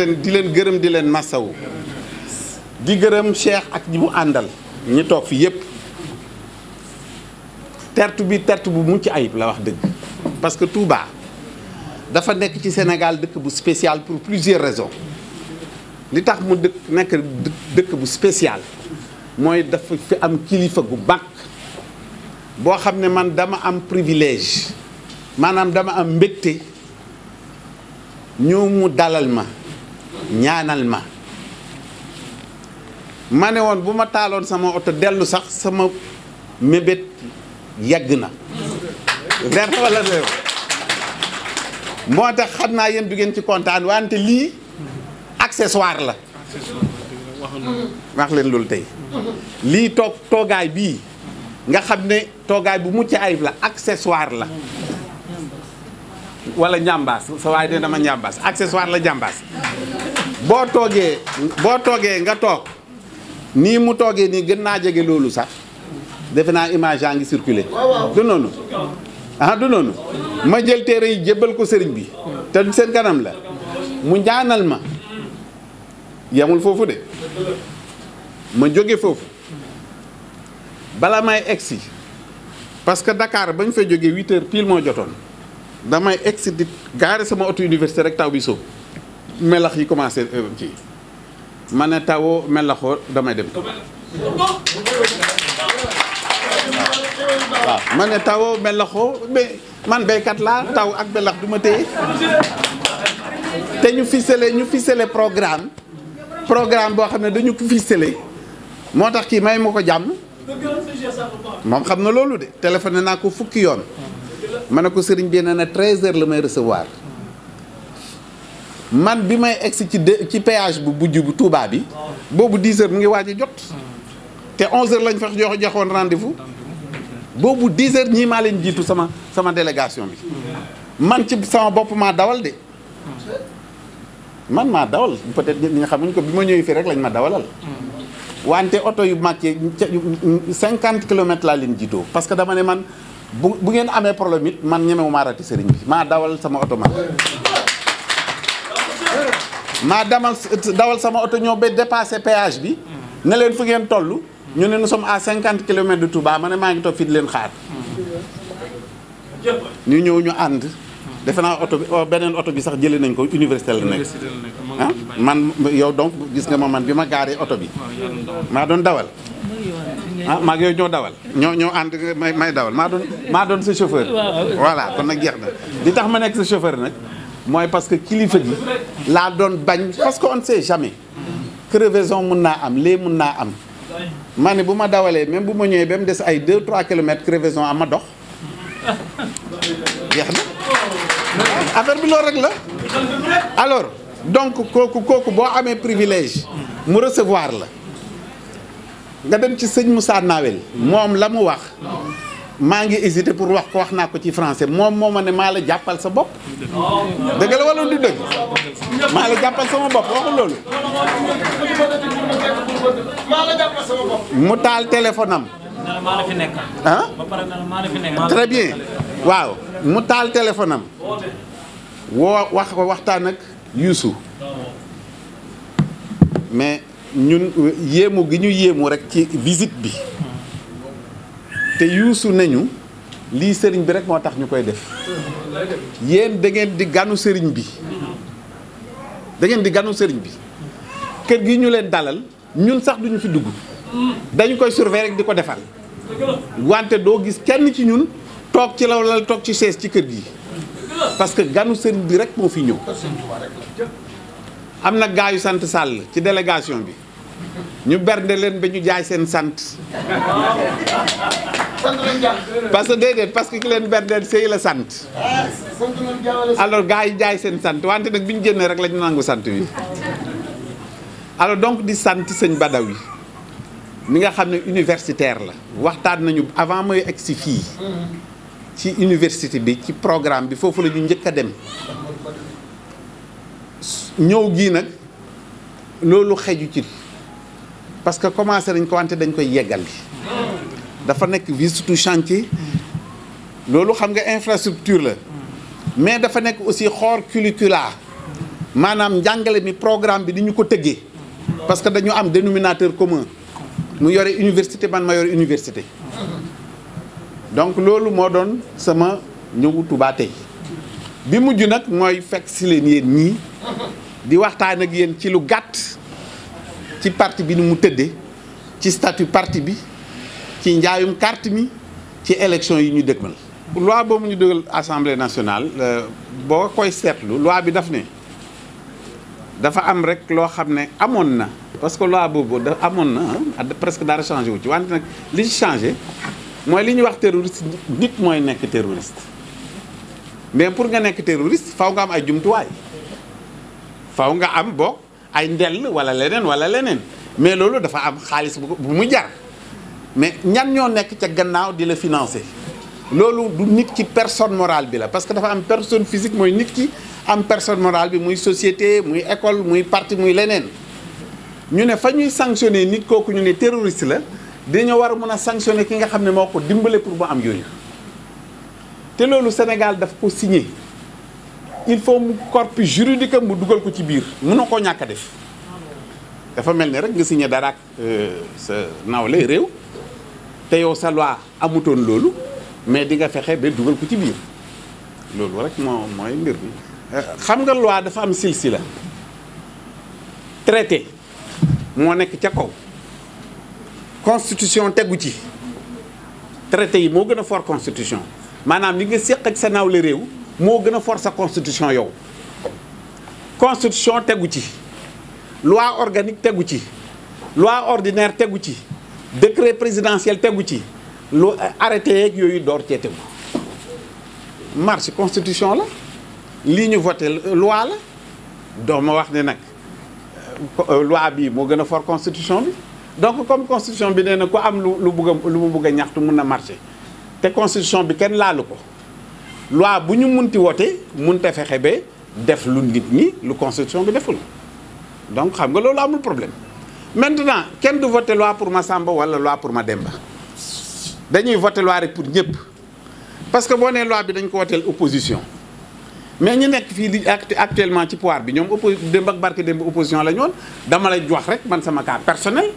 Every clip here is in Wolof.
leen di leen gërëm di leen massawu di gërëm Cheikh ak ñi mu àndal ñi toog fi yépp tertu bi tertu bu mucc ayib la wax dëgg parce que Touba dafa nekk ci Sénégal dëkk bu spécial pour plusieurs raisons li tax mu dëkk nekk dëkk bu spécial mooy dafa fi am kilifa gu mag boo xam ne man dama am privilège maanaam dama am mbégte ñëw mu dalal ma ñaanal ma ma ne woon bu ma taaloon sama oto dellu sax sama mébét yàgg na leer wala réew moo tax xam naa yéen bi ngeen ci kontaan wante lii accessoire la wax leen loolu tey lii toog toogaay bii nga xam ne toogaay bu mucc ayib la accessoire la wala ñambaas sa waay de dama ñambaas accessoire la ñambaas boo toogee boo toogee nga toog nii mu toogee nii gën naa jege loolu sax defe naa image yaa ngi circulé du noonu ah du noonu ma jël téere yi jébbal ko sëriñ bi te seen kanam la mu ñaanal ma yemul foofu de ma jóge foofu bala may egsi parce que Dakar bañ fa jógee huit heures moo jotoon damay egsi di gaare sama auto université rek taw bi soob melax yi commencé ci euh, ma ne tawoo melaxoo damay dem taw waaw ma ne tawoo melaxoo mais man béykat laa taw ak melax du ma téye te ñu ficelé ñu ficelé programme programme boo xam ne dañu ko moo tax kii may ma ko jàmm moom xam na loolu de téléphoné naa ko fukki yoon ma ne ko sëriñ bi nee na 13 heures la may recevoir man bi may egsi ci de ci péage bu bujj bu Touba bi boobu 10 heures mu ngi waaj a jot te 11 heures lañ fa jox joxoon rendez-vous boobu 10 heures ñii maa leen jiitu sama sama délégation bi man ci sama bopp maa dawal de man maa dawal peut-être ñi nga xamuñ ko bi ma ñëwee fii rek lañ ma dawalal wante oto yu mag yi cinquante kilomètres laa leen jiitoo parce que dama ne man bu bu ngeen amee problème it man ñemewumaa rati sëriñ bi maa dawal sama oto ma maa damal dawal sama oto ñoo ba dépassé payage bi ne leen fu ngeen toll ñu ne nous sommes à cinquante kilomètres de Touba ma ne maa ngi toog fii leen xaar ñu ñëw ànd defe naa oto bi oh, beneen oto bi sax jëlee nañ ko université la nekk ah man yow donc gis nga ma man bi ma gaaree oto bi maa doon dawal ah maa ngi yooyu dawal ñoo ñoo ànd may may dawal maa doon maa doon sa chauffeur voilà kon nag jeex na di tax ma nekk sa chauffeur nag mooy parce que kilifa gi laa doon bañ parce que on ne sait jamais crevaison mun naa am lee mun naa am ma bu ma dawalee même bu ma ñëwee ba mu des ay 2 3 kilomètres crevaison am ma dox jeex na affaire bi loolu rek la alors donc kooku kooku boo amee privilège mu recevoir la nga dem ci sëñ Moussa Nawel moom la mu wax maa ngi hésité pour wax ko wax naa ko ci français moom moo ma ne maa la jàppal sa bopp. dëgg la wala du dëgg. maa la jàppal sama bopp waxul loolu. mu taal téléphone am. ah. très bien. waaw mu taal téléphone am. woo ko waxtaan ak Youssou. mais ñun yéemu gi ñu yéemu rek ci visite bi. te yuusu nañu lii sëriñ bi rek moo tax ñu koy def yéen dangeen di ganu sëriñ bi da ngeen di ganu sëriñ bi kër gi ñu leen dalal ñun sax duñu fi dugg dañu koy surveiller rek di ko defal wante doo gis kenn ci ñun toog ci law lal toog ci sees ci kër gi parce que ganu sëriñ bi rek moo fi ñëw am na gaayu sant Sall ci délégation bi ñu bernde leen ba ñu jaay seen sant. parce que déedéet parce que ki leen bernde sëy la sant. alors gars yi jaay seen sant wante nag bi ñu génnee rek lañu ñu nangu sant wi. alors donc di sant sëñ Badawi mi nga xam ne universitaire la waxtaan nañu avant mooy egg fii. ci université bi ci programme bi foofu la ñu njëkk a dem. ñëw gii nag loolu xeju ci. parce que commencé nañ ko wante dañ koy yeggal yeggali dafa nekk surtout chantier loolu xam nga infrastructure la mais dafa nekk aussi xoor curricula maanaam njàngale mi programme bi ni ko tëggee parce que dañu am dénominateur commun mu yore université ban ma yore université donc loolu moo doon sama ñëw Touba tey bi mujj nag mooy fekk si leen yéen ñii di waxtaan ak yéen ci lu gàtt ci parti bi ni mu tëddee ci statut parti bi ci njaayum carte mi ci élection yi ñu dëgmal. loi boobu ñu dëgal assemblée nationale euh, boo koy seetlu loi bi daf ne dafa am rek loo xam ne amoon na. parce que loi boobu da amoon na ah, presque dara changé wu ci wante nag li ci changé mooy li ñuy wax terroriste nit mooy nekk terroriste mais pour nga nekk terroriste faw nga am ay jumtuwaay faw nga am bokk. ay ndell wala leneen wala leneen mais loolu dafa am xaalis bu mu jar mais ñan ñoo nekk ca gannaaw di la financer loolu du nit ki personne morale bi la parce que dafa am personne physique mooy nit ki am personne morale bi muy société muy école muy parti muy leneen ñu ne fa ñuy sanctionner nit kooku ñu ne terroriste la dañoo war a mën a sanctionner ki nga xam ne moo ko dimbale pour mu am yooyu te loolu Sénégal daf ko signé il faut mu corpus juridique am mu dugal ko ci biir mënoo koo ñàkk a def dafa mel ni rek nga signé dara ak euh, sa nawle réew te yow sa loi amutoon loolu mais di nga fexe ba dugal ko ci biir loolu rek moo mooy mbir bi euh, xam nga loi dafa am la traité moo nekk ca kaw constitution tegu ci traité yi moo gën a fort constitution maanaam li nga séq ak sa nawle réew moo gën a force constitution yow constitution tegu ci loi organique tegu ci loi ordinaire tegu ci décret présidentiel tegu ci lu arrêté yeeg yooyu door cee tegu marche constitution la lii ñu voté loi la doo ma wax ne nag euh, loi bi moo gën a fort constitution bi donc comme constitution bi nee na ku am lu lu bugg a lu mu bugg a ñaxtu mun na marché te constitution bi kenn laalu ko loi bu ñu munti wote munta fexe ba def lu nit ñi lu constitution bi deful donc xam nga loolu amul problème maintenant kenn du voté loi pour ma Samba wala loi pour ma Demba dañuy voté loi rek pour ñëpp parce que boo nee loi bi dañ ko woteel opposition mais ñu nekk fii di actuellement ci pouvoir bi ñoom oppo démb ak barke démb opposition la ñu dama lay jox rek man sama cas personnel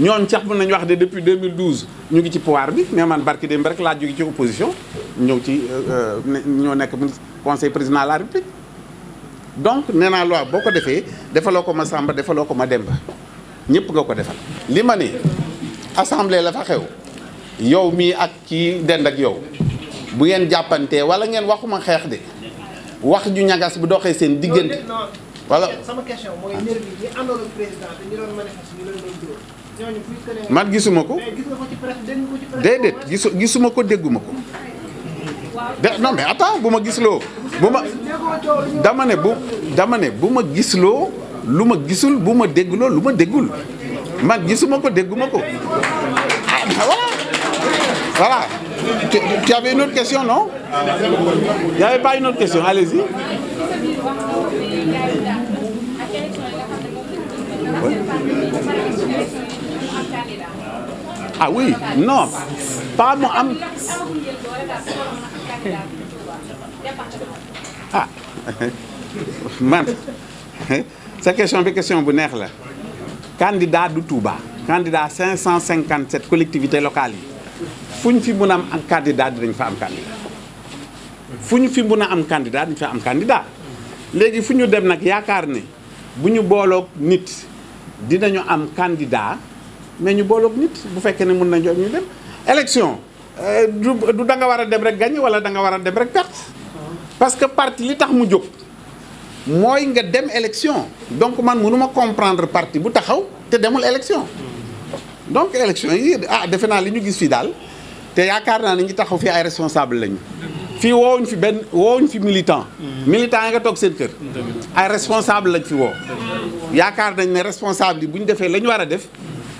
ñooñ sax mën nañu wax de depuis 2012 ñu ngi ci pouvoir bi mais man barki démb rek laa jóge ci opposition ñëw ci euh, euh, ñoo nekk ministre conseil président de la république donc nee naa boo ko defee defaloo ko ma Samba defaloo ko ma Demba ñëpp nga ko defal. li ma ne assemblée la fa xew yow mii ak ci dend ak yow bu ngeen jàppantee wala ngeen waxuma xeex de wax ju ñagas bu doxee seen diggante. walla sama question man gisuma ko déedéet gisuma ko dégguma ko de non mais attends bu ma gisloo bu ma dama ne bu dama ma gisloo lu ma gisul bu ma déggloo lu ma déggul man gisuma ko dégguma ko ah voilà voilà tu, tu avais une autre question non y avait pas une autre question allez ah oui non pas mu am ah man sa question bi question bu neex la kandidaa du Touba candidat 557 collectivités locales yi fu ñu fi mën a am am candidat dinañ fa am candidat fu ñu fi mun a am candidat dañ fa am candidat léegi fu ñu dem nag yaakaar ni bu ñu booloog nit dinañu am candidat mais ñu booloog nit bu fekkee ne mun nañ jox ñu dem élection euh, du da nga war a dem rek gagné wala danga war a dem rek perte parce que parti li tax mu jóg mooy nga dem élection donc man mënuma comprendre parti bu taxaw te demul élection donc élection yi ah defe naa li ñu gis fii daal te yaakaar naa ne ñu taxaw fii ay responsable lañu fii woowuñ fi benn fi militant militant nga toog seen kër ay responsable lañ fi woo yaakaar nañ ne responsable yi bu ñu defee la ñu war a def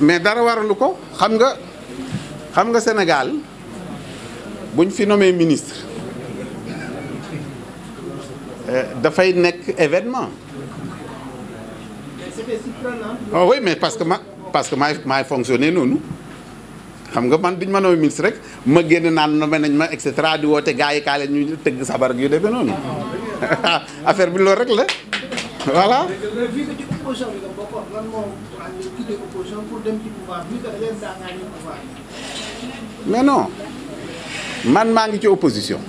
mais dara waralu ko xam nga xam nga Sénégal ñu fi nommé ministre euh, dafay nekk événement. oh oui mais parce que ma parce que maay maay fonctionné noonu xam nga man duñ ma nommé ministre rek ma génn naan nome nañ ma et cetera di woote gars yi kaale ñu tëgg sabar yu demee noonu affaire bi loolu rek la voilà. mais non man maa ngi ci opposition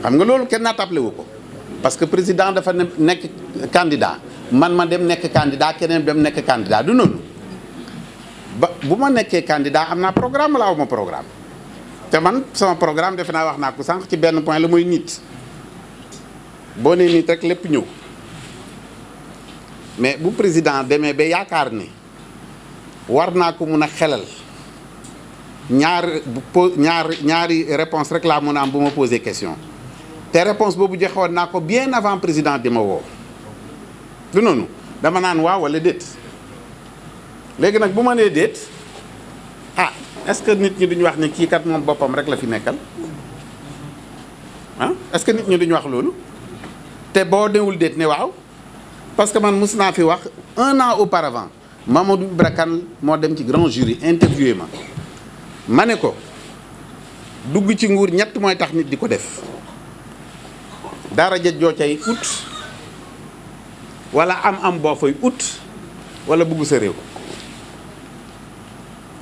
xam nga loolu kenn naatable wu ko parce que président dafa nekk candidat man ma dem nekk candidat keneen dem nekk candidat du noonu ba bu ma nekkee candidat am naa programme la aw ma programme te man sama programme defe naa wax naa ko sànq ci benn point la mooy nit boo nee nit rek lépp ñëw. mais bu président demee ba yaakaar ni war naa ko mun a xelal ñaar po ñaar ñaari réponse rek laa mun a am bu ma posé question te réponse boobu joxewoon naa ko bien avant président di ma woo du noonu dama naan waaw wala déet léegi nag bu ma nee déet ah est-ce que nit ñi duñu wax ni kii kat moom boppam rek la fi nekkal ah est-ce que nit ñi duñu wax loolu te boo newul déet ne waaw parce que man mus naa fi wax un an auparavant Mamadou Ibra Kane moo dem ci grand jury interviewé ma ma ne ko dugg ci nguur ñett mooy tax nit di ko def daara jëj joo cay ut walla am am boo fay ut wala bugg sa réew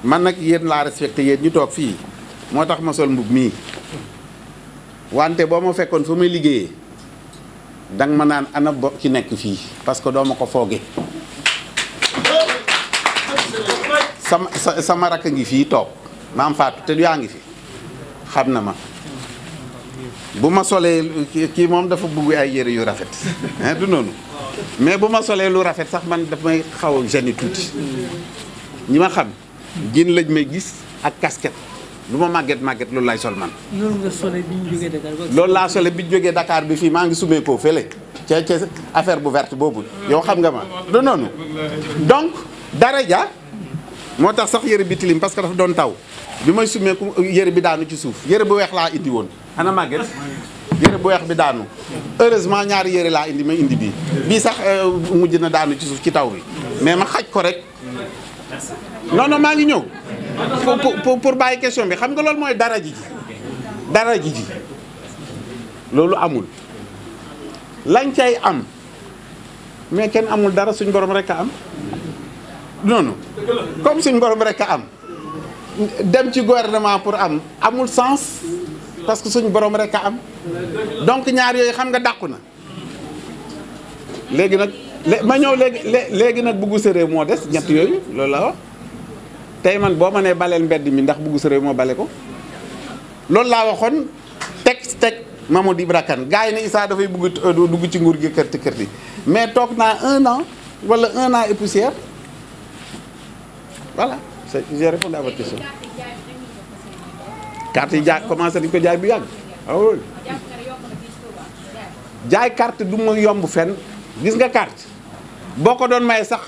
man nag yéen laa respecté yéen ñu toog fii moo tax ma sol mbub mii wante boo ma fekkoon fa may liggéeyee danga ma naan ana bo ci nekk fii parce que doo ma ko fooge sama sama rakk ngi fii toog maam Fatou te yaa ngi fi xam na ma bu ma solee kii moom dafa bugg ay yére yu rafet du noonu mais bu ma solee lu rafet sax man daf may xaw a gêne tuuti ñi ma xam gin lañ may gis ak casquette lu ma màgget màgget loolu laay sol man. loolu loolu laa solee bi ñu jógee dakaar bi fii maa ngi sumee koo fële ca affaire bu verte boobu yow xam nga ma du noonu donc dara ja moo tax sax yëre bi tilim parce que dafa doon taw bi may summeeku yëre bi daanu ci suuf yére bu weex laa indi woon ana màgget yëre bu weex bi daanu heureusement ñaari yëre laa indi ma indi bii bii sax euh, mujj na daanu ci suuf ci taw bi mais ma xaj ko rek non maa ngi ñëw pour pour bàyyi question bi xam nga loolu mooy dara ji ji dara ji ji loolu amul lañ cay am mais kenn amul dara suñ borom rek a am noonu comme suñ borom rek a am dem ci gouvernement pour am amul sens parce que suñ borom rek a am donc ñaar yooyu xam nga dàqu na léegi nag ma ñëw léegi léegi nag buggu sëree moo des ñett yooyu loolu la wax tey man boo ma nee baleel mbedd mi ndax buggu sëree moo bale ko loolu laa waxoon teg teg Mamadou Ibra Kane gars yi ne Issa dafay bugg euh, dugg ci nguur gi kërti kërti mais toog naa un an wala un an et poussière voilà c'est j'ai répondu yi jaay commencé nañu ko jaay bu yàgg ah jaay carte du ma yomb fenn gis nga carte boo ko doon maye sax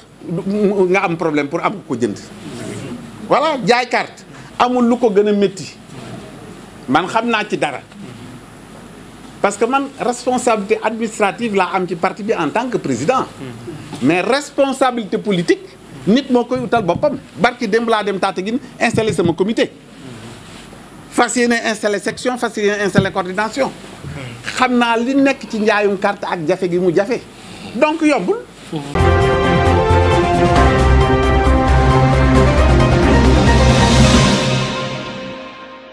nga am problème pour am ko jënd voilà jaay carte amul lu ko gën a métti man xam naa ci dara parce que man responsabilité administrative laa am ci parti bi en tant que président hmm. mais responsabilité politique nit moo koy utal boppam barki démb laa dem Tataguine installé sama comité fas yéene installé section fas yéene coordination hmm. xam naa li nekk ci njaayum carte ak jafe gi mu jafe donc yombul